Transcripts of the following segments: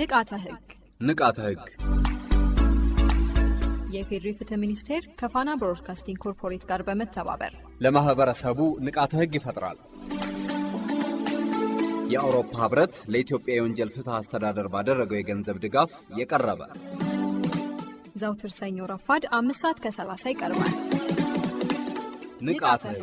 ንቃተ ህግ ንቃተ ህግ የፌዴሪ ፍትህ ሚኒስቴር ከፋና ብሮድካስቲንግ ኮርፖሬት ጋር በመተባበር ለማህበረሰቡ ንቃተ ህግ ይፈጥራል። የአውሮፓ ህብረት ለኢትዮጵያ የወንጀል ፍትህ አስተዳደር ባደረገው የገንዘብ ድጋፍ የቀረበ ዘውትር ሰኞ ረፋድ አምስት ሰዓት ከ30 ይቀርባል። ንቃተ ህግ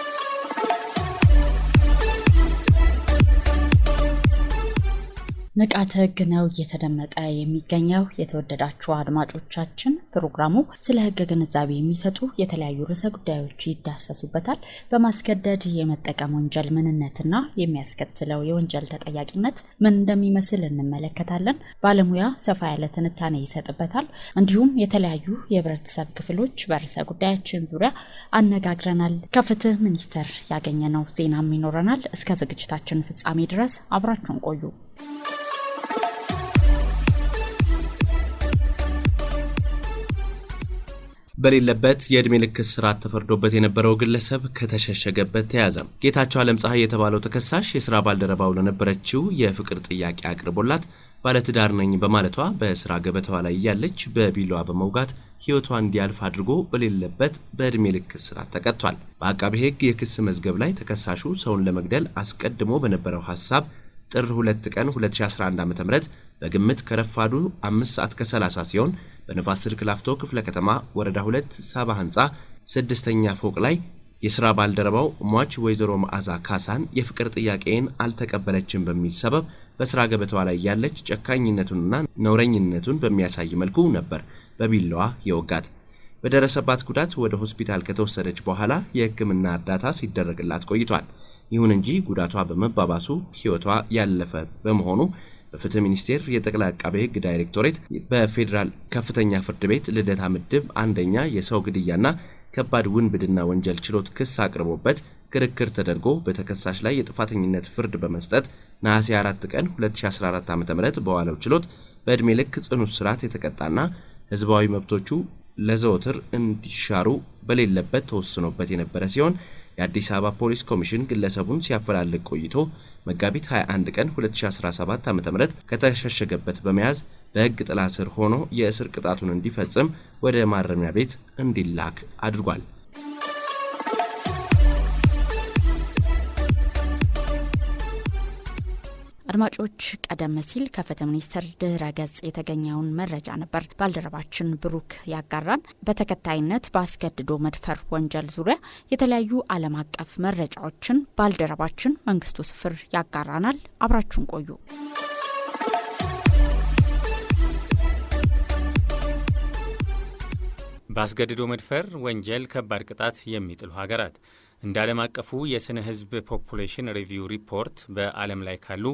ንቃተ ህግ ነው እየተደመጠ የሚገኘው። የተወደዳችሁ አድማጮቻችን ፕሮግራሙ ስለ ህገ ግንዛቤ የሚሰጡ የተለያዩ ርዕሰ ጉዳዮች ይዳሰሱበታል። በማስገደድ የመጠቀም ወንጀል ምንነትና የሚያስከትለው የወንጀል ተጠያቂነት ምን እንደሚመስል እንመለከታለን። ባለሙያ ሰፋ ያለ ትንታኔ ይሰጥበታል። እንዲሁም የተለያዩ የህብረተሰብ ክፍሎች በርዕሰ ጉዳያችን ዙሪያ አነጋግረናል። ከፍትህ ሚኒስቴር ያገኘነው ዜናም ይኖረናል። እስከ ዝግጅታችን ፍጻሜ ድረስ አብራችሁን ቆዩ። በሌለበት የዕድሜ ልክ እስራት ተፈርዶበት የነበረው ግለሰብ ከተሸሸገበት ተያዘ። ጌታቸው አለም ፀሐይ የተባለው ተከሳሽ የስራ ባልደረባው ለነበረችው የፍቅር ጥያቄ አቅርቦላት ባለትዳር ነኝ በማለቷ በስራ ገበታዋ ላይ እያለች በቢላዋ በመውጋት ሕይወቷ እንዲያልፍ አድርጎ በሌለበት በዕድሜ ልክ እስራት ተቀጥቷል። በአቃቤ ሕግ የክስ መዝገብ ላይ ተከሳሹ ሰውን ለመግደል አስቀድሞ በነበረው ሐሳብ ጥር 2 ቀን 2011 ዓ ም በግምት ከረፋዱ 5 ሰዓት ከ30 ሲሆን በንፋስ ስልክ ላፍቶ ክፍለ ከተማ ወረዳ 2 ሳባ ህንፃ ስድስተኛ ፎቅ ላይ የሥራ ባልደረባው ሟች ወይዘሮ መዓዛ ካሳን የፍቅር ጥያቄን አልተቀበለችም በሚል ሰበብ በሥራ ገበታዋ ላይ ያለች ጨካኝነቱንና ነውረኝነቱን በሚያሳይ መልኩ ነበር በቢላዋ የወጋት። በደረሰባት ጉዳት ወደ ሆስፒታል ከተወሰደች በኋላ የሕክምና እርዳታ ሲደረግላት ቆይቷል። ይሁን እንጂ ጉዳቷ በመባባሱ ህይወቷ ያለፈ በመሆኑ በፍትህ ሚኒስቴር የጠቅላይ አቃቤ ህግ ዳይሬክቶሬት በፌዴራል ከፍተኛ ፍርድ ቤት ልደታ ምድብ አንደኛ የሰው ግድያና ከባድ ውንብድና ወንጀል ችሎት ክስ አቅርቦበት ክርክር ተደርጎ በተከሳሽ ላይ የጥፋተኝነት ፍርድ በመስጠት ነሐሴ 4 ቀን 2014 ዓ ም በዋለው ችሎት በዕድሜ ልክ ጽኑ እስራት የተቀጣና ህዝባዊ መብቶቹ ለዘወትር እንዲሻሩ በሌለበት ተወስኖበት የነበረ ሲሆን የአዲስ አበባ ፖሊስ ኮሚሽን ግለሰቡን ሲያፈላልግ ቆይቶ መጋቢት 21 ቀን 2017 ዓ ም ከተሸሸገበት በመያዝ በሕግ ጥላ ስር ሆኖ የእስር ቅጣቱን እንዲፈጽም ወደ ማረሚያ ቤት እንዲላክ አድርጓል። አድማጮች ቀደም ሲል ከፍትህ ሚኒስቴር ድህረ ገጽ የተገኘውን መረጃ ነበር ባልደረባችን ብሩክ ያጋራን። በተከታይነት በአስገድዶ መድፈር ወንጀል ዙሪያ የተለያዩ ዓለም አቀፍ መረጃዎችን ባልደረባችን መንግስቱ ስፍር ያጋራናል። አብራችሁን ቆዩ። በአስገድዶ መድፈር ወንጀል ከባድ ቅጣት የሚጥሉ ሀገራት እንደ ዓለም አቀፉ የስነ ህዝብ ፖፑሌሽን ሪቪው ሪፖርት በዓለም ላይ ካሉ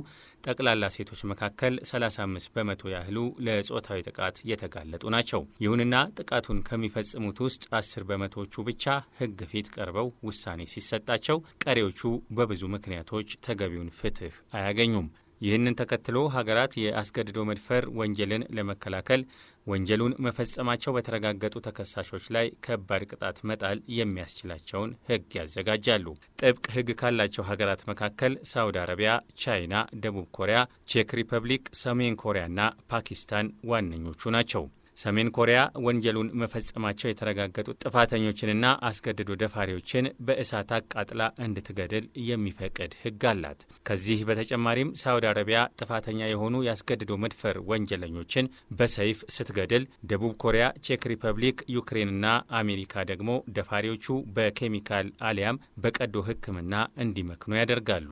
ጠቅላላ ሴቶች መካከል 35 በመቶ ያህሉ ለጾታዊ ጥቃት የተጋለጡ ናቸው። ይሁንና ጥቃቱን ከሚፈጽሙት ውስጥ 10 በመቶዎቹ ብቻ ህግ ፊት ቀርበው ውሳኔ ሲሰጣቸው፣ ቀሪዎቹ በብዙ ምክንያቶች ተገቢውን ፍትህ አያገኙም። ይህንን ተከትሎ ሀገራት የአስገድዶ መድፈር ወንጀልን ለመከላከል ወንጀሉን መፈጸማቸው በተረጋገጡ ተከሳሾች ላይ ከባድ ቅጣት መጣል የሚያስችላቸውን ሕግ ያዘጋጃሉ። ጥብቅ ሕግ ካላቸው ሀገራት መካከል ሳውዲ አረቢያ፣ ቻይና፣ ደቡብ ኮሪያ፣ ቼክ ሪፐብሊክ፣ ሰሜን ኮሪያና ፓኪስታን ዋነኞቹ ናቸው። ሰሜን ኮሪያ ወንጀሉን መፈጸማቸው የተረጋገጡ ጥፋተኞችንና አስገድዶ ደፋሪዎችን በእሳት አቃጥላ እንድትገድል የሚፈቅድ ሕግ አላት። ከዚህ በተጨማሪም ሳውዲ አረቢያ ጥፋተኛ የሆኑ የአስገድዶ መድፈር ወንጀለኞችን በሰይፍ ስትገድል፣ ደቡብ ኮሪያ፣ ቼክ ሪፐብሊክ፣ ዩክሬንና አሜሪካ ደግሞ ደፋሪዎቹ በኬሚካል አሊያም በቀዶ ሕክምና እንዲመክኑ ያደርጋሉ።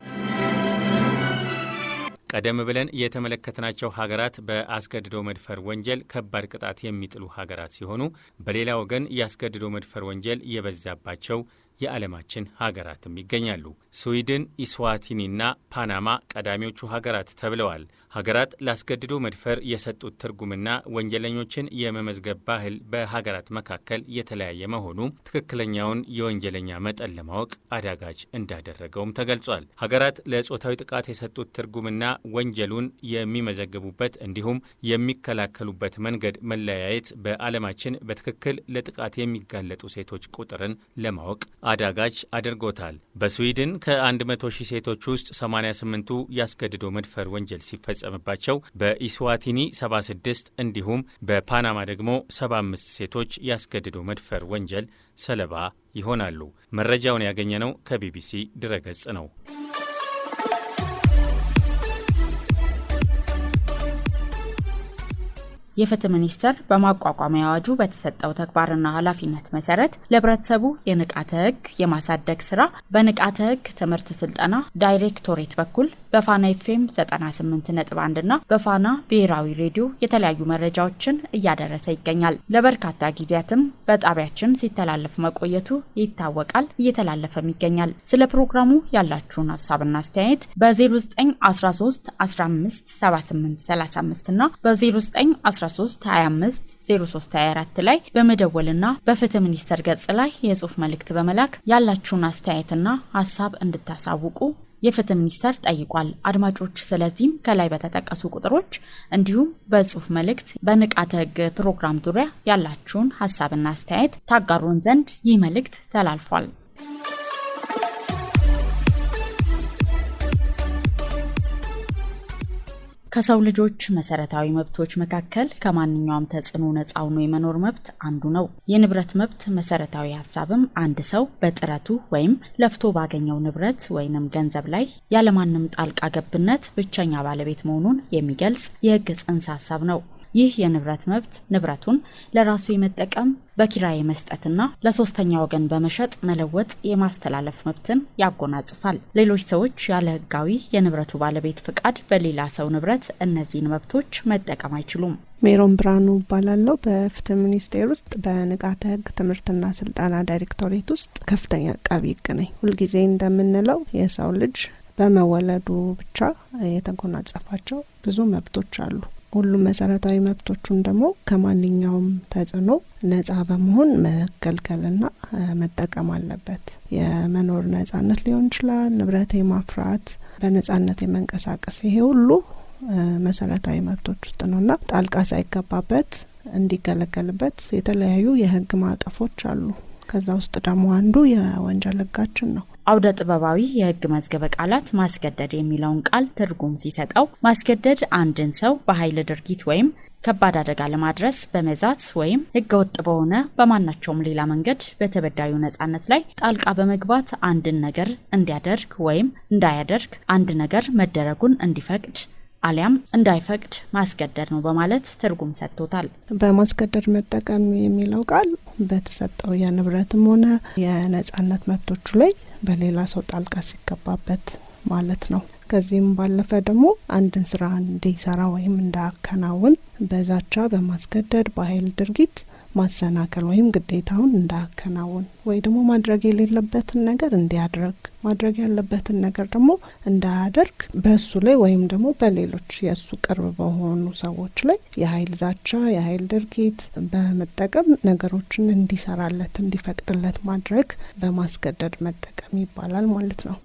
ቀደም ብለን የተመለከትናቸው ሀገራት በአስገድዶ መድፈር ወንጀል ከባድ ቅጣት የሚጥሉ ሀገራት ሲሆኑ በሌላ ወገን የአስገድዶ መድፈር ወንጀል የበዛባቸው የዓለማችን ሀገራትም ይገኛሉ። ስዊድን፣ ኢስዋቲኒና ፓናማ ቀዳሚዎቹ ሀገራት ተብለዋል። ሀገራት ላስገድዶ መድፈር የሰጡት ትርጉምና ወንጀለኞችን የመመዝገብ ባህል በሀገራት መካከል የተለያየ መሆኑ ትክክለኛውን የወንጀለኛ መጠን ለማወቅ አዳጋች እንዳደረገውም ተገልጿል። ሀገራት ለጾታዊ ጥቃት የሰጡት ትርጉምና ወንጀሉን የሚመዘግቡበት እንዲሁም የሚከላከሉበት መንገድ መለያየት በዓለማችን በትክክል ለጥቃት የሚጋለጡ ሴቶች ቁጥርን ለማወቅ አዳጋች አድርጎታል። በስዊድን ከ100 ሺህ ሴቶች ውስጥ 88ቱ ያስገድዶ መድፈር ወንጀል ሲፈጸም የተፈጸመባቸው በኢስዋቲኒ 76 እንዲሁም በፓናማ ደግሞ 75 ሴቶች ያስገድዶ መድፈር ወንጀል ሰለባ ይሆናሉ። መረጃውን ያገኘነው ከቢቢሲ ድረገጽ ነው። የፍትህ ሚኒስቴር በማቋቋሚያ አዋጁ በተሰጠው ተግባርና ኃላፊነት መሰረት ለህብረተሰቡ የንቃተ ህግ የማሳደግ ስራ በንቃተ ህግ ትምህርት ስልጠና ዳይሬክቶሬት በኩል በፋና ኤፍኤም 98 ነጥ1 እና በፋና ብሔራዊ ሬዲዮ የተለያዩ መረጃዎችን እያደረሰ ይገኛል። ለበርካታ ጊዜያትም በጣቢያችን ሲተላለፍ መቆየቱ ይታወቃል፣ እየተላለፈም ይገኛል። ስለ ፕሮግራሙ ያላችሁን ሀሳብና አስተያየት በ0913 15 78 35 እና በ0913 25 03 24 ላይ በመደወልና በፍትህ ሚኒስቴር ገጽ ላይ የጽሁፍ መልእክት በመላክ ያላችሁን አስተያየትና ሀሳብ እንድታሳውቁ የፍትህ ሚኒስቴር ጠይቋል። አድማጮች፣ ስለዚህም ከላይ በተጠቀሱ ቁጥሮች እንዲሁም በጽሁፍ መልእክት በንቃተ ህግ ፕሮግራም ዙሪያ ያላችሁን ሀሳብና አስተያየት ታጋሩን ዘንድ ይህ መልእክት ተላልፏል። ከሰው ልጆች መሰረታዊ መብቶች መካከል ከማንኛውም ተጽዕኖ ነጻ ሆኖ የመኖር መብት አንዱ ነው። የንብረት መብት መሰረታዊ ሀሳብም አንድ ሰው በጥረቱ ወይም ለፍቶ ባገኘው ንብረት ወይንም ገንዘብ ላይ ያለማንም ጣልቃ ገብነት ብቸኛ ባለቤት መሆኑን የሚገልጽ የህግ ጽንሰ ሀሳብ ነው። ይህ የንብረት መብት ንብረቱን ለራሱ የመጠቀም በኪራይ መስጠትና ለሶስተኛ ወገን በመሸጥ መለወጥ፣ የማስተላለፍ መብትን ያጎናጽፋል። ሌሎች ሰዎች ያለ ሕጋዊ የንብረቱ ባለቤት ፍቃድ በሌላ ሰው ንብረት እነዚህን መብቶች መጠቀም አይችሉም። ሜሮን ብርሃኑ እባላለሁ። በፍትህ ሚኒስቴር ውስጥ በንቃተ ህግ ትምህርትና ስልጠና ዳይሬክቶሬት ውስጥ ከፍተኛ አቃቢ ህግ ነኝ። ሁልጊዜ እንደምንለው የሰው ልጅ በመወለዱ ብቻ የተጎናጸፋቸው ብዙ መብቶች አሉ። ሁሉም መሰረታዊ መብቶቹን ደግሞ ከማንኛውም ተጽዕኖ ነጻ በመሆን መገልገልና መጠቀም አለበት። የመኖር ነጻነት ሊሆን ይችላል፣ ንብረት የማፍራት፣ በነጻነት የመንቀሳቀስ፣ ይሄ ሁሉ መሰረታዊ መብቶች ውስጥ ነውና ጣልቃ ሳይገባበት እንዲገለገልበት የተለያዩ የህግ ማዕቀፎች አሉ። ከዛ ውስጥ ደግሞ አንዱ የወንጀል ህጋችን ነው። አውደ ጥበባዊ የህግ መዝገበ ቃላት ማስገደድ የሚለውን ቃል ትርጉም ሲሰጠው ማስገደድ አንድን ሰው በኃይል ድርጊት ወይም ከባድ አደጋ ለማድረስ በመዛት ወይም ህገወጥ በሆነ በማናቸውም ሌላ መንገድ በተበዳዩ ነጻነት ላይ ጣልቃ በመግባት አንድን ነገር እንዲያደርግ ወይም እንዳያደርግ አንድ ነገር መደረጉን እንዲፈቅድ አሊያም እንዳይፈቅድ ማስገደድ ነው በማለት ትርጉም ሰጥቶታል። በማስገደድ መጠቀም የሚለው ቃል በተሰጠው የንብረትም ሆነ የነጻነት መብቶቹ ላይ በሌላ ሰው ጣልቃ ሲገባበት ማለት ነው። ከዚህም ባለፈ ደግሞ አንድን ስራ እንዲሰራ ወይም እንዳያከናውን በዛቻ፣ በማስገደድ በኃይል ድርጊት ማሰናከል ወይም ግዴታውን እንዳያከናውን ወይ ደግሞ ማድረግ የሌለበትን ነገር እንዲያደርግ ማድረግ ያለበትን ነገር ደግሞ እንዳያደርግ በእሱ ላይ ወይም ደግሞ በሌሎች የእሱ ቅርብ በሆኑ ሰዎች ላይ የኃይል ዛቻ፣ የኃይል ድርጊት በመጠቀም ነገሮችን እንዲሰራለት እንዲፈቅድለት ማድረግ በማስገደድ መጠቀም ይባላል ማለት ነው።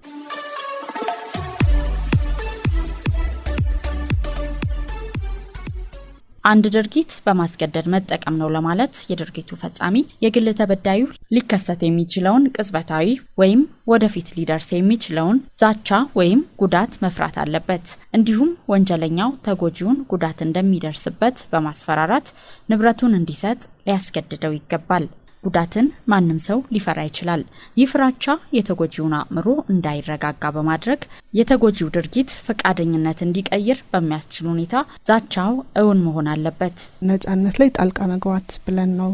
አንድ ድርጊት በማስገደድ መጠቀም ነው ለማለት የድርጊቱ ፈጻሚ የግል ተበዳዩ ሊከሰት የሚችለውን ቅጽበታዊ ወይም ወደፊት ሊደርስ የሚችለውን ዛቻ ወይም ጉዳት መፍራት አለበት። እንዲሁም ወንጀለኛው ተጎጂውን ጉዳት እንደሚደርስበት በማስፈራራት ንብረቱን እንዲሰጥ ሊያስገድደው ይገባል። ጉዳትን ማንም ሰው ሊፈራ ይችላል። ይህ ፍራቻ የተጎጂውን አእምሮ እንዳይረጋጋ በማድረግ የተጎጂው ድርጊት ፈቃደኝነት እንዲቀይር በሚያስችል ሁኔታ ዛቻው እውን መሆን አለበት። ነጻነት ላይ ጣልቃ መግባት ብለን ነው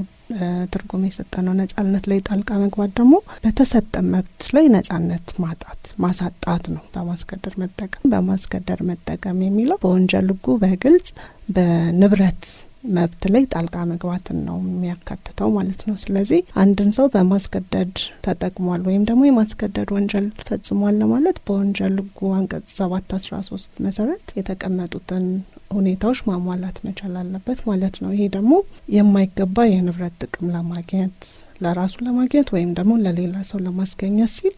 ትርጉም የሰጠ ነው። ነጻነት ላይ ጣልቃ መግባት ደግሞ በተሰጠ መብት ላይ ነጻነት ማጣት ማሳጣት ነው። በማስገደር መጠቀም በማስገደር መጠቀም የሚለው በወንጀል ሕጉ በግልጽ በንብረት መብት ላይ ጣልቃ መግባትን ነው የሚያካትተው ማለት ነው። ስለዚህ አንድን ሰው በማስገደድ ተጠቅሟል ወይም ደግሞ የማስገደድ ወንጀል ፈጽሟል ለማለት በወንጀል ሕጉ አንቀጽ ሰባት አስራ ሶስት መሰረት የተቀመጡትን ሁኔታዎች ማሟላት መቻል አለበት ማለት ነው። ይሄ ደግሞ የማይገባ የንብረት ጥቅም ለማግኘት ለራሱ ለማግኘት ወይም ደግሞ ለሌላ ሰው ለማስገኘት ሲል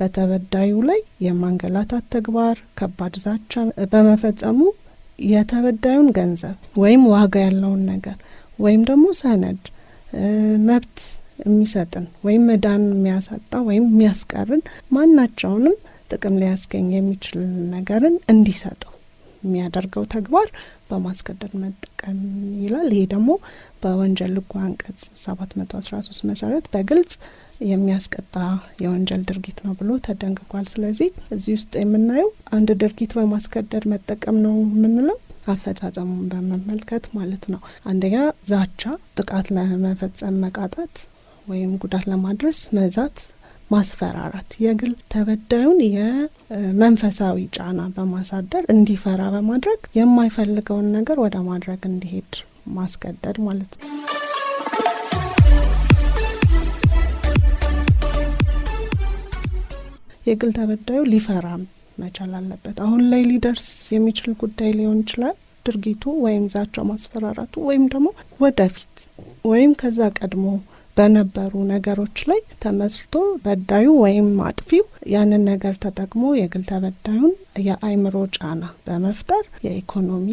በተበዳዩ ላይ የማንገላታት ተግባር ከባድ ዛቻ በመፈጸሙ የተበዳዩን ገንዘብ ወይም ዋጋ ያለውን ነገር ወይም ደግሞ ሰነድ መብት የሚሰጥን ወይም መዳን የሚያሳጣ ወይም የሚያስቀርን ማናቸውንም ጥቅም ሊያስገኝ የሚችል ነገርን እንዲሰጠው የሚያደርገው ተግባር በማስገደድ መጠቀም ይላል። ይሄ ደግሞ በወንጀል ሕጉ አንቀጽ ሰባት መቶ አስራ ሶስት መሰረት በግልጽ የሚያስቀጣ የወንጀል ድርጊት ነው ብሎ ተደንግጓል። ስለዚህ እዚህ ውስጥ የምናየው አንድ ድርጊት በማስገደድ መጠቀም ነው የምንለው አፈጻጸሙን በመመልከት ማለት ነው። አንደኛ ዛቻ፣ ጥቃት ለመፈጸም መቃጣት ወይም ጉዳት ለማድረስ መዛት ማስፈራራት የግል ተበዳዩን የመንፈሳዊ ጫና በማሳደር እንዲፈራ በማድረግ የማይፈልገውን ነገር ወደ ማድረግ እንዲሄድ ማስገደድ ማለት ነው። የግል ተበዳዩ ሊፈራም መቻል አለበት። አሁን ላይ ሊደርስ የሚችል ጉዳይ ሊሆን ይችላል ድርጊቱ ወይም ዛቻው፣ ማስፈራራቱ ወይም ደግሞ ወደፊት ወይም ከዛ ቀድሞ በነበሩ ነገሮች ላይ ተመስርቶ በዳዩ ወይም አጥፊው ያንን ነገር ተጠቅሞ የግል ተበዳዩን የአእምሮ ጫና በመፍጠር የኢኮኖሚ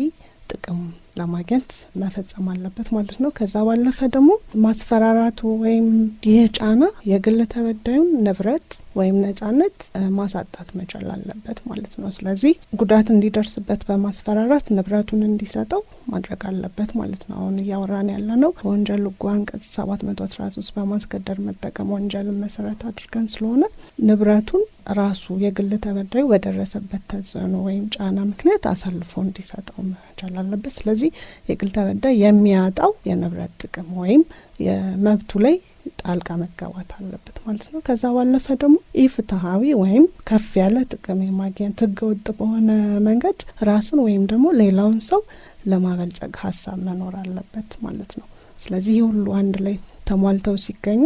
ጥቅም ለማግኘት መፈጸም አለበት ማለት ነው። ከዛ ባለፈ ደግሞ ማስፈራራቱ ወይም ይህ ጫና የግል ተበዳዩን ንብረት ወይም ነጻነት ማሳጣት መቻል አለበት ማለት ነው። ስለዚህ ጉዳት እንዲደርስበት በማስፈራራት ንብረቱን እንዲሰጠው ማድረግ አለበት ማለት ነው። አሁን እያወራን ያለ ነው ከወንጀል ሕጉ አንቀጽ ሰባት መቶ አስራ ሶስት በማስገደር መጠቀም ወንጀልን መሰረት አድርገን ስለሆነ ንብረቱን ራሱ የግል ተበዳዩ በደረሰበት ተጽዕኖ ወይም ጫና ምክንያት አሳልፎ እንዲሰጠው መቻል አለበት። ስለዚህ የግል ተበዳይ የሚያጣው የንብረት ጥቅም ወይም የመብቱ ላይ ጣልቃ መገባት አለበት ማለት ነው። ከዛ ባለፈ ደግሞ ኢፍትሐዊ ወይም ከፍ ያለ ጥቅም የማግኘት ህገ በሆነ መንገድ ራስን ወይም ደግሞ ሌላውን ሰው ለማበልጸግ ሀሳብ መኖር አለበት ማለት ነው። ስለዚህ ሁሉ አንድ ላይ ተሟልተው ሲገኙ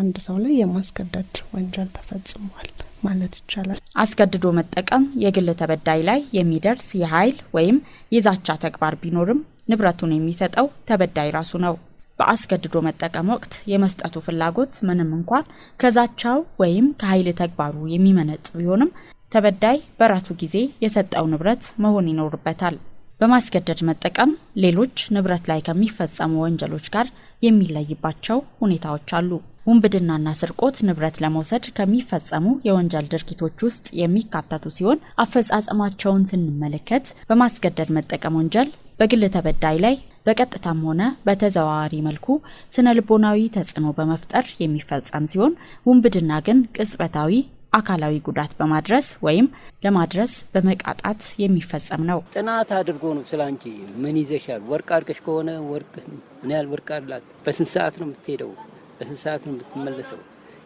አንድ ሰው ላይ የማስገደድ ወንጀል ተፈጽሟል። ማለት ይቻላል። አስገድዶ መጠቀም የግል ተበዳይ ላይ የሚደርስ የኃይል ወይም የዛቻ ተግባር ቢኖርም ንብረቱን የሚሰጠው ተበዳይ ራሱ ነው። በአስገድዶ መጠቀም ወቅት የመስጠቱ ፍላጎት ምንም እንኳን ከዛቻው ወይም ከኃይል ተግባሩ የሚመነጭ ቢሆንም ተበዳይ በራሱ ጊዜ የሰጠው ንብረት መሆን ይኖርበታል። በማስገደድ መጠቀም ሌሎች ንብረት ላይ ከሚፈጸሙ ወንጀሎች ጋር የሚለይባቸው ሁኔታዎች አሉ። ውንብድናና ስርቆት ንብረት ለመውሰድ ከሚፈጸሙ የወንጀል ድርጊቶች ውስጥ የሚካተቱ ሲሆን አፈጻጸማቸውን ስንመለከት በማስገደድ መጠቀም ወንጀል በግል ተበዳይ ላይ በቀጥታም ሆነ በተዘዋዋሪ መልኩ ስነ ልቦናዊ ተጽዕኖ በመፍጠር የሚፈጸም ሲሆን ውንብድና ግን ቅጽበታዊ አካላዊ ጉዳት በማድረስ ወይም ለማድረስ በመቃጣት የሚፈጸም ነው። ጥናት አድርጎ ነው ስለ አንቺ ምን ይዘሻል፣ ወርቅ አድርገሽ ከሆነ ወርቅ ምን ያህል ወርቅ አላት፣ በስንት ሰዓት ነው የምትሄደው በስንት ሰዓት ነው የምትመለሰው?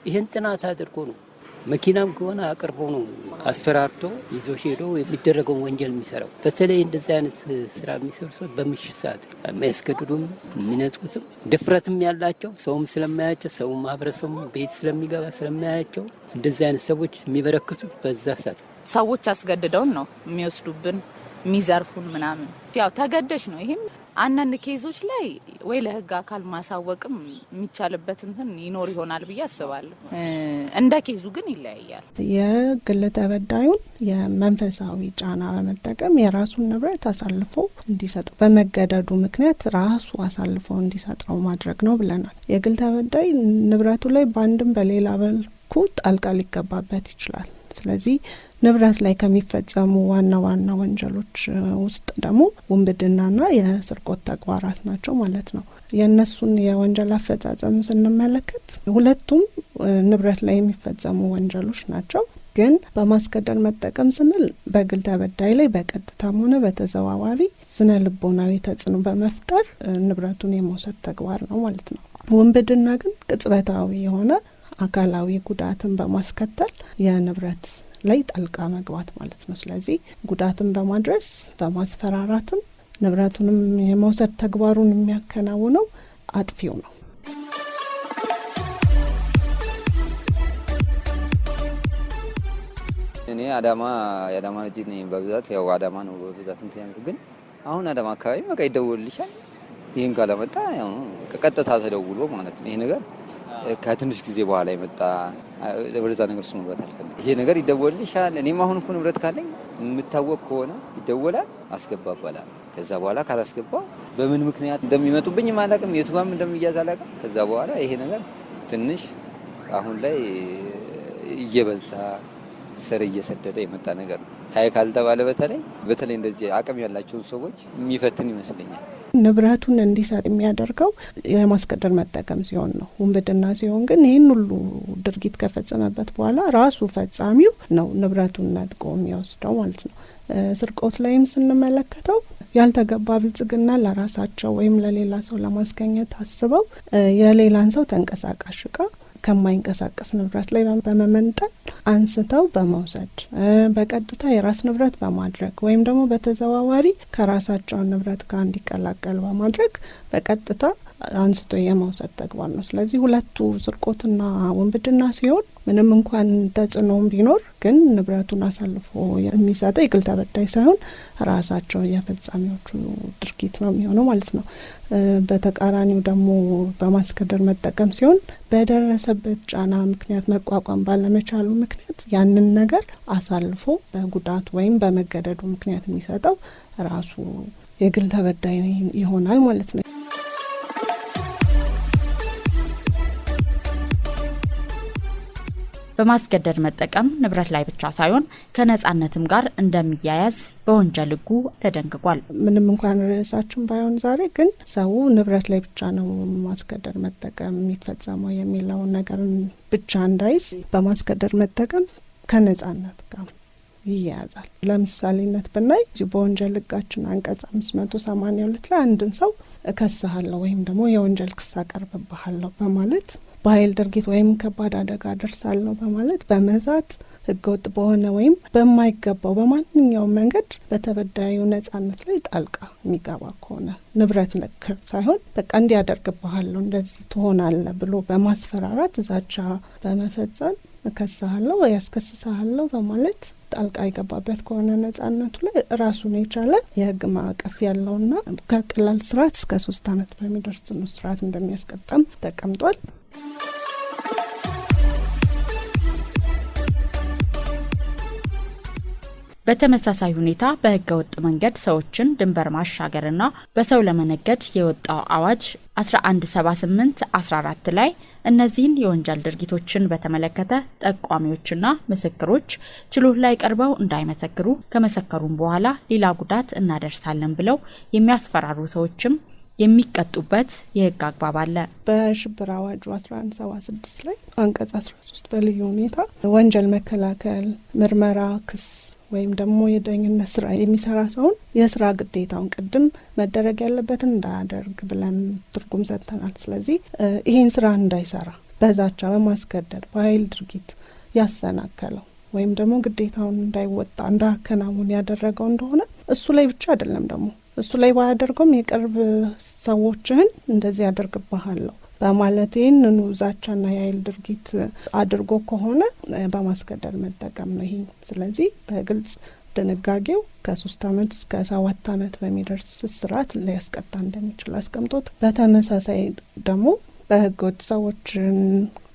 ይህን ጥናት አድርጎ ነው መኪናም ከሆነ አቅርቦ ነው አስፈራርቶ ይዞ ሄዶ የሚደረገውን ወንጀል የሚሰራው። በተለይ እንደዚህ አይነት ስራ የሚሰሩ ሰዎች በምሽት ሰዓት የሚያስገድዱም የሚነጥቁትም ድፍረትም ያላቸው ሰውም ስለማያቸው ሰው ማህበረሰቡ ቤት ስለሚገባ ስለማያቸው እንደዚህ አይነት ሰዎች የሚበረክቱት በዛ ሰዓት ሰዎች አስገድደውን ነው የሚወስዱብን የሚዘርፉን ምናምን ያው ተገደሽ ነው ይህም አንዳንድ ኬዞች ላይ ወይ ለህግ አካል ማሳወቅም የሚቻልበት እንትን ይኖር ይሆናል ብዬ አስባለሁ። እንደ ኬዙ ግን ይለያያል። የግል ተበዳዩን የመንፈሳዊ ጫና በመጠቀም የራሱን ንብረት አሳልፎ እንዲሰጥ በመገደዱ ምክንያት ራሱ አሳልፎ እንዲሰጠው ማድረግ ነው ብለናል። የግል ተበዳይ ንብረቱ ላይ በአንድም በሌላ መልኩ ጣልቃ ሊገባበት ይችላል። ስለዚህ ንብረት ላይ ከሚፈጸሙ ዋና ዋና ወንጀሎች ውስጥ ደግሞ ውንብድናና የስርቆት ተግባራት ናቸው ማለት ነው። የእነሱን የወንጀል አፈጻጸም ስንመለከት ሁለቱም ንብረት ላይ የሚፈጸሙ ወንጀሎች ናቸው። ግን በማስገደል መጠቀም ስንል በግል ተበዳይ ላይ በቀጥታም ሆነ በተዘዋዋሪ ስነ ልቦናዊ ተጽዕኖ በመፍጠር ንብረቱን የመውሰድ ተግባር ነው ማለት ነው። ውንብድና ግን ቅጽበታዊ የሆነ አካላዊ ጉዳትን በማስከተል የንብረት ላይ ጣልቃ መግባት ማለት ነው። ስለዚህ ጉዳትን በማድረስ በማስፈራራትም ንብረቱንም የመውሰድ ተግባሩን የሚያከናውነው አጥፊው ነው። እኔ አዳማ የአዳማ ልጅ ነኝ። በብዛት ያው አዳማ ነው በብዛት እንትን ግን አሁን አዳማ አካባቢ በቃ ይደወልልሻል። ይህን ካለመጣ ቀጥታ ተደውሎ ማለት ነው። ይሄ ነገር ከትንሽ ጊዜ በኋላ የመጣ ወደዛ ነገር ሱ መግባት አልፈልግም። ይሄ ነገር ይደወልልሻል። እኔም አሁን እኮ ንብረት ካለኝ የምታወቅ ከሆነ ይደወላል፣ አስገባ ይባላል። ከዛ በኋላ ካላስገባ በምን ምክንያት እንደሚመጡብኝ አላውቅም፣ የቱጋም እንደሚያዝ አላውቅም። ከዛ በኋላ ይሄ ነገር ትንሽ አሁን ላይ እየበዛ ስር እየሰደደ የመጣ ነገር ነው። ታይ ካልተባለ በተለይ በተለይ እንደዚህ አቅም ያላቸውን ሰዎች የሚፈትን ይመስለኛል። ንብረቱን እንዲሰጥ የሚያደርገው የማስቀደር መጠቀም ሲሆን ነው። ውንብድና ሲሆን ግን ይህን ሁሉ ድርጊት ከፈጸመበት በኋላ ራሱ ፈጻሚው ነው ንብረቱን ነጥቆ የሚወስደው ማለት ነው። ስርቆት ላይም ስንመለከተው ያልተገባ ብልጽግና ለራሳቸው ወይም ለሌላ ሰው ለማስገኘት አስበው የሌላን ሰው ተንቀሳቃሽ እቃ ከማይንቀሳቀስ ንብረት ላይ በመመንጠል አንስተው በመውሰድ በቀጥታ የራስ ንብረት በማድረግ ወይም ደግሞ በተዘዋዋሪ ከራሳቸውን ንብረት ጋር እንዲቀላቀል በማድረግ በቀጥታ አንስቶ የመውሰድ ተግባር ነው። ስለዚህ ሁለቱ ስርቆትና ውንብድና ሲሆን ምንም እንኳን ተጽዕኖም ቢኖር ግን ንብረቱን አሳልፎ የሚሰጠው የግል ተበዳይ ሳይሆን ራሳቸው የፈጻሚዎቹ ድርጊት ነው የሚሆነው ማለት ነው። በተቃራኒው ደግሞ በማስገደር መጠቀም ሲሆን በደረሰበት ጫና ምክንያት መቋቋም ባለመቻሉ ምክንያት ያንን ነገር አሳልፎ በጉዳት ወይም በመገደዱ ምክንያት የሚሰጠው ራሱ የግል ተበዳይ ይሆናል ማለት ነው። በማስገደድ መጠቀም ንብረት ላይ ብቻ ሳይሆን ከነጻነትም ጋር እንደሚያያዝ በወንጀል ህጉ ተደንግጓል። ምንም እንኳን ርዕሳችን ባይሆን ዛሬ ግን ሰው ንብረት ላይ ብቻ ነው ማስገደድ መጠቀም የሚፈጸመው የሚለውን ነገርን ብቻ እንዳይዝ በማስገደድ መጠቀም ከነጻነት ጋር ይያያዛል። ለምሳሌነት ብናይ በወንጀል ህጋችን አንቀጽ አምስት መቶ ሰማኒያ ሁለት ላይ አንድን ሰው እከስሃለሁ ወይም ደግሞ የወንጀል ክስ አቀርብብሃለሁ በማለት በኃይል ድርጊት ወይም ከባድ አደጋ ነው በማለት በመዛት ህገወጥ በሆነ ወይም በማይገባው በማንኛውም መንገድ በተበዳዩ ነጻነት ላይ ጣልቃ የሚገባ ከሆነ ንብረት ነክ ሳይሆን በቃ እንዲያደርግብሃለሁ እንደዚህ ትሆናለህ ብሎ በማስፈራራት ዛቻ በመፈጸም እከስሃለሁ ወይ ያስከስሰሃለሁ በማለት ጣልቃ የገባበት ከሆነ ነጻነቱ ላይ ራሱን የቻለ የህግ ማዕቀፍ ያለውና ከቀላል ስርዓት እስከ ሶስት አመት በሚደርስ ጽኑ ስርዓት እንደሚያስቀጣም ተቀምጧል። በተመሳሳይ ሁኔታ በህገ ወጥ መንገድ ሰዎችን ድንበር ማሻገርና በሰው ለመነገድ የወጣው አዋጅ 1178 14 ላይ እነዚህን የወንጀል ድርጊቶችን በተመለከተ ጠቋሚዎችና ምስክሮች ችሎት ላይ ቀርበው እንዳይመሰክሩ ከመሰከሩም በኋላ ሌላ ጉዳት እናደርሳለን ብለው የሚያስፈራሩ ሰዎችም የሚቀጡበት የህግ አግባብ አለ። በሽብር አዋጁ 1176 ላይ አንቀጽ 13 በልዩ ሁኔታ ወንጀል መከላከል፣ ምርመራ፣ ክስ ወይም ደግሞ የደኝነት ስራ የሚሰራ ሰውን የስራ ግዴታውን ቅድም መደረግ ያለበትን እንዳያደርግ ብለን ትርጉም ሰጥተናል። ስለዚህ ይህን ስራ እንዳይሰራ በዛቻ በማስገደድ በኃይል ድርጊት ያሰናከለው ወይም ደግሞ ግዴታውን እንዳይወጣ እንዳያከናውን ያደረገው እንደሆነ እሱ ላይ ብቻ አይደለም ደግሞ እሱ ላይ ባያደርገውም የቅርብ ሰዎችህን እንደዚህ ያደርግብሃለሁ በማለት ይህንኑ ዛቻና የኃይል ድርጊት አድርጎ ከሆነ በማስገደድ መጠቀም ነው ይህን ስለዚህ በግልጽ ድንጋጌው ከሶስት አመት እስከ ሰባት አመት በሚደርስ ስርዓት ሊያስቀጣ እንደሚችል አስቀምጦት በተመሳሳይ ደግሞ በህገወጥ ሰዎችን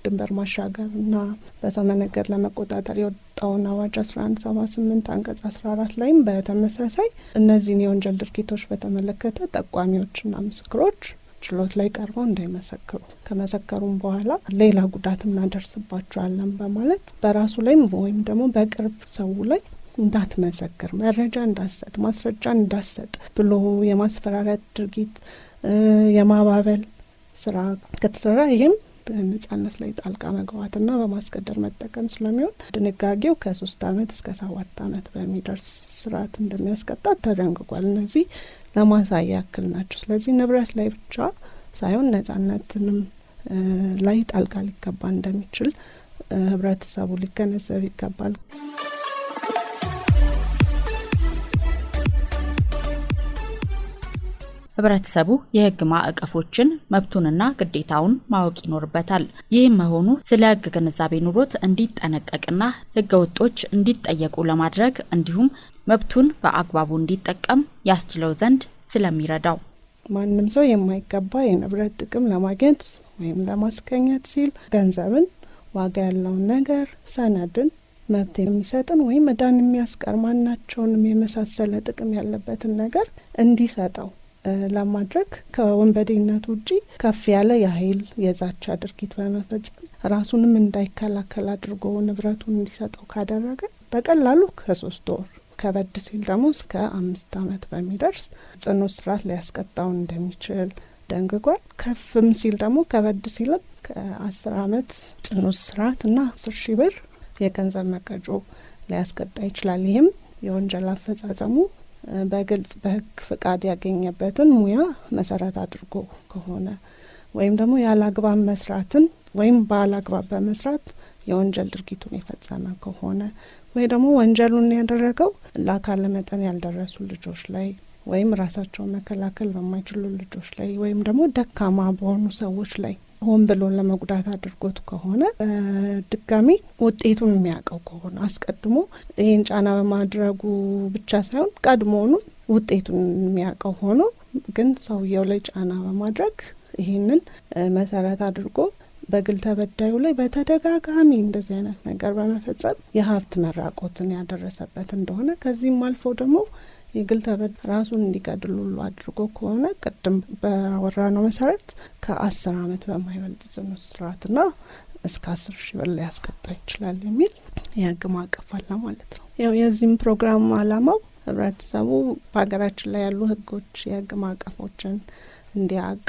ድንበር ማሻገርና በሰው መነገድ ለመቆጣጠር የወጣውን አዋጅ አስራ አንድ ሰባ ስምንት አንቀጽ አስራ አራት ላይም በተመሳሳይ እነዚህን የወንጀል ድርጊቶች በተመለከተ ጠቋሚዎችና ምስክሮች ችሎት ላይ ቀርበው እንዳይመሰክሩ ከመሰከሩም በኋላ ሌላ ጉዳት እናደርስባቸዋለን በማለት በራሱ ላይ ወይም ደግሞ በቅርብ ሰው ላይ እንዳትመሰክር፣ መረጃ እንዳሰጥ፣ ማስረጃ እንዳሰጥ ብሎ የማስፈራሪያ ድርጊት የማባበል ስራ ከተሰራ ይህም በነጻነት ላይ ጣልቃ መግባትና በማስገደር መጠቀም ስለሚሆን ድንጋጌው ከሶስት አመት እስከ ሰባት አመት በሚደርስ ስርዓት እንደሚያስቀጣ ተደንግጓል። እነዚህ ለማሳያ ያክል ናቸው። ስለዚህ ንብረት ላይ ብቻ ሳይሆን ነጻነትንም ላይ ጣልቃ ሊገባ እንደሚችል ህብረተሰቡ ሊገነዘብ ይገባል። ህብረተሰቡ የህግ ማዕቀፎችን መብቱንና ግዴታውን ማወቅ ይኖርበታል። ይህም መሆኑ ስለ ህግ ግንዛቤ ኑሮት እንዲጠነቀቅና ህገ ወጦች እንዲጠየቁ ለማድረግ እንዲሁም መብቱን በአግባቡ እንዲጠቀም ያስችለው ዘንድ ስለሚረዳው ማንም ሰው የማይገባ የንብረት ጥቅም ለማግኘት ወይም ለማስገኘት ሲል ገንዘብን፣ ዋጋ ያለውን ነገር፣ ሰነድን፣ መብት የሚሰጥን ወይም እዳን የሚያስቀር ማናቸውንም የመሳሰለ ጥቅም ያለበትን ነገር እንዲሰጠው ለማድረግ ከወንበዴነት ውጪ ከፍ ያለ የኃይል የዛቻ ድርጊት በመፈጸም ራሱንም እንዳይከላከል አድርጎ ንብረቱን እንዲሰጠው ካደረገ በቀላሉ ከሶስት ወር ከበድ ሲል ደግሞ እስከ አምስት ዓመት በሚደርስ ጽኑ እስራት ሊያስቀጣው እንደሚችል ደንግጓል። ከፍም ሲል ደግሞ ከበድ ሲልም ከአስር ዓመት ጽኑ እስራት እና አስር ሺ ብር የገንዘብ መቀጮ ሊያስቀጣ ይችላል። ይህም የወንጀል አፈጻጸሙ በግልጽ በህግ ፍቃድ ያገኘበትን ሙያ መሰረት አድርጎ ከሆነ ወይም ደግሞ ያለ አግባብ መስራትን ወይም ባለ አግባብ በመስራት የወንጀል ድርጊቱን የፈጸመ ከሆነ ወይ ደግሞ ወንጀሉን ያደረገው ለአካለ መጠን ያልደረሱ ልጆች ላይ ወይም ራሳቸውን መከላከል በማይችሉ ልጆች ላይ ወይም ደግሞ ደካማ በሆኑ ሰዎች ላይ ሆን ብሎ ለመጉዳት አድርጎት ከሆነ ድጋሚ ውጤቱን የሚያውቀው ከሆነ አስቀድሞ ይህን ጫና በማድረጉ ብቻ ሳይሆን ቀድሞውኑ ውጤቱን የሚያውቀው ሆኖ ግን ሰውየው ላይ ጫና በማድረግ ይህንን መሰረት አድርጎ በግል ተበዳዩ ላይ በተደጋጋሚ እንደዚህ አይነት ነገር በመፈጸም የሀብት መራቆትን ያደረሰበት እንደሆነ ከዚህም አልፎ ደግሞ የግል ተበድ ራሱን እንዲገድል ሁሉ አድርጎ ከሆነ ቅድም በወራ መሰረት ከአስር አመት በማይበልጥ ጽኑ እስራትና እስከ አስር ሺ ብር ሊያስቀጣ ይችላል የሚል የህግ ማዕቀፍ አለ ማለት ነው። ያው የዚህም ፕሮግራም አላማው ህብረተሰቡ በሀገራችን ላይ ያሉ ህጎች፣ የህግ ማዕቀፎችን እንዲያቅ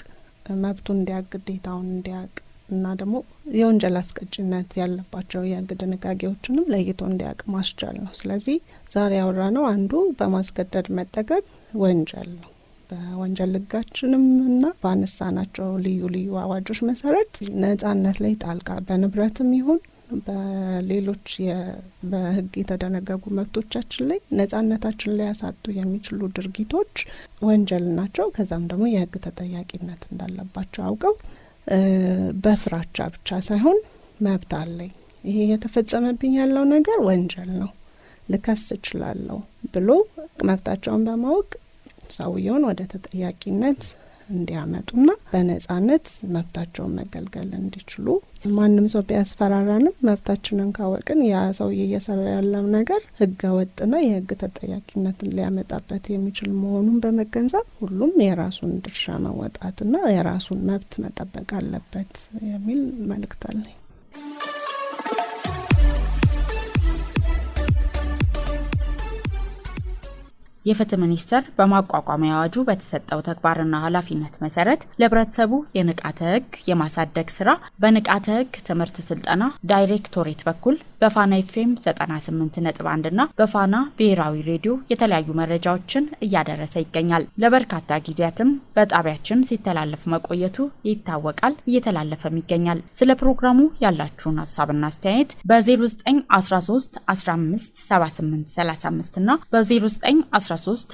መብቱን እንዲያቅ ግዴታውን እንዲያቅ እና ደግሞ የወንጀል አስቀጭነት ያለባቸው የህግ ድንጋጌዎችንም ለይቶ እንዲያውቅ ማስቻል ነው። ስለዚህ ዛሬ ያወራ ነው አንዱ በማስገደድ መጠቀም ወንጀል ነው። በወንጀል ህጋችንም እና በአነሳናቸው ልዩ ልዩ አዋጆች መሰረት ነጻነት ላይ ጣልቃ በንብረትም ይሁን በሌሎች በህግ የተደነገጉ መብቶቻችን ላይ ነጻነታችን ላይ ያሳጡ የሚችሉ ድርጊቶች ወንጀል ናቸው። ከዛም ደግሞ የህግ ተጠያቂነት እንዳለባቸው አውቀው በፍራቻ ብቻ ሳይሆን መብት አለኝ፣ ይሄ የተፈጸመብኝ ያለው ነገር ወንጀል ነው፣ ልከስ እችላለሁ ብሎ መብታቸውን በማወቅ ሰውየውን ወደ ተጠያቂነት እንዲያመጡና በነጻነት መብታቸውን መገልገል እንዲችሉ ማንም ሰው ቢያስፈራራንም መብታችንን ካወቅን ያ ሰው እየሰራ ያለው ነገር ህገ ወጥና የህግ ተጠያቂነትን ሊያመጣበት የሚችል መሆኑን በመገንዘብ ሁሉም የራሱን ድርሻ መወጣትና የራሱን መብት መጠበቅ አለበት የሚል መልእክት አለኝ። የፍትህ ሚኒስቴር በማቋቋሚያ አዋጁ በተሰጠው ተግባርና ኃላፊነት መሰረት ለህብረተሰቡ የንቃተ ህግ የማሳደግ ስራ በንቃተ ህግ ትምህርት ስልጠና ዳይሬክቶሬት በኩል በፋና ኤፍኤም 98.1 ና በፋና ብሔራዊ ሬዲዮ የተለያዩ መረጃዎችን እያደረሰ ይገኛል። ለበርካታ ጊዜያትም በጣቢያችን ሲተላለፍ መቆየቱ ይታወቃል፣ እየተላለፈም ይገኛል። ስለ ፕሮግራሙ ያላችሁን ሀሳብና አስተያየት በ0913 15 7835 እና በ0913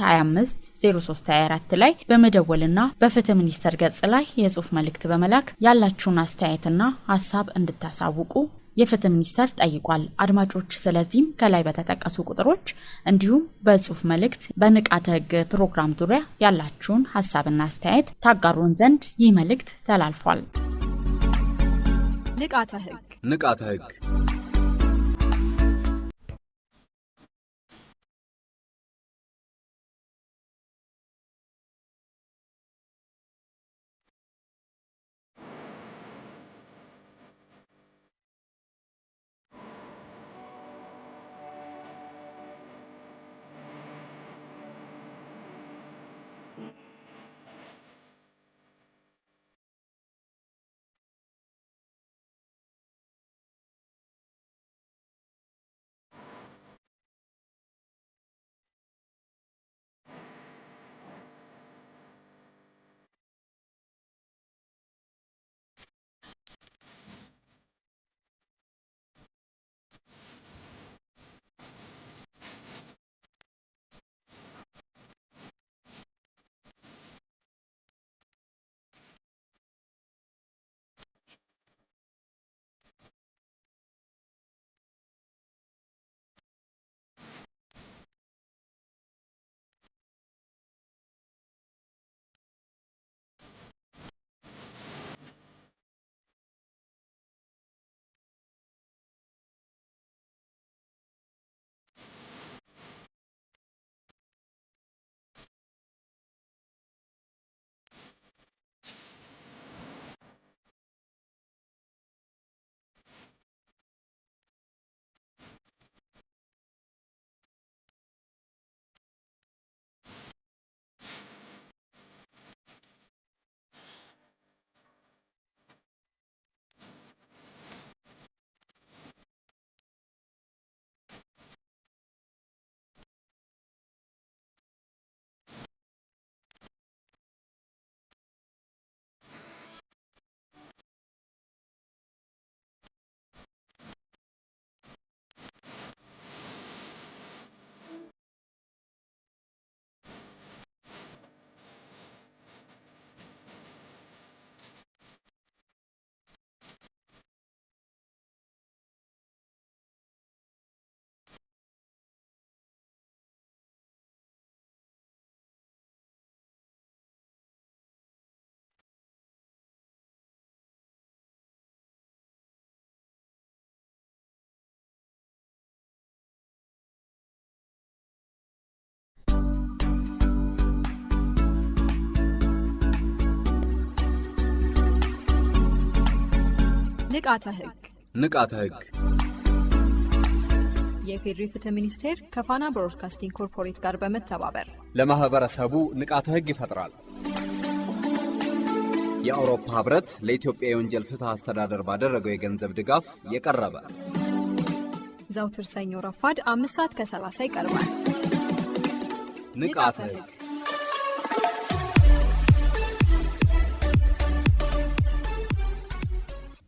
25 0324 ላይ በመደወልና በፍትህ ሚኒስቴር ገጽ ላይ የጽሁፍ መልእክት በመላክ ያላችሁን አስተያየትና ሀሳብ እንድታሳውቁ የፍትህ ሚኒስቴር ጠይቋል። አድማጮች፣ ስለዚህም ከላይ በተጠቀሱ ቁጥሮች እንዲሁም በጽሁፍ መልእክት በንቃተ ህግ ፕሮግራም ዙሪያ ያላችሁን ሀሳብና አስተያየት ታጋሩን ዘንድ ይህ መልእክት ተላልፏል። ንቃተ ህግ ንቃተ ህግ ንቃተ ህግ ንቃተ ህግ የፌዴሪ ፍትህ ሚኒስቴር ከፋና ብሮድካስቲንግ ኮርፖሬት ጋር በመተባበር ለማህበረሰቡ ንቃተ ህግ ይፈጥራል። የአውሮፓ ህብረት ለኢትዮጵያ የወንጀል ፍትህ አስተዳደር ባደረገው የገንዘብ ድጋፍ የቀረበ ዘውትር ሰኞ ረፋድ አምስት ሰዓት ከ30 ይቀርባል። ንቃተ ህግ